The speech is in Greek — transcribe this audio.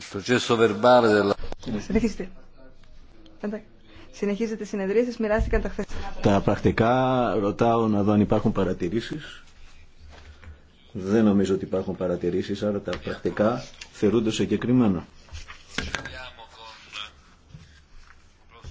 Συνεχίζετε. Συνεχίζετε συνεδρία συνεδρίε, μοιράστηκαν τα Τα πρακτικά ρωτάω να δω αν υπάρχουν παρατηρήσει. Δεν νομίζω ότι υπάρχουν παρατηρήσεις, άρα τα πρακτικά θεωρούνται συγκεκριμένα.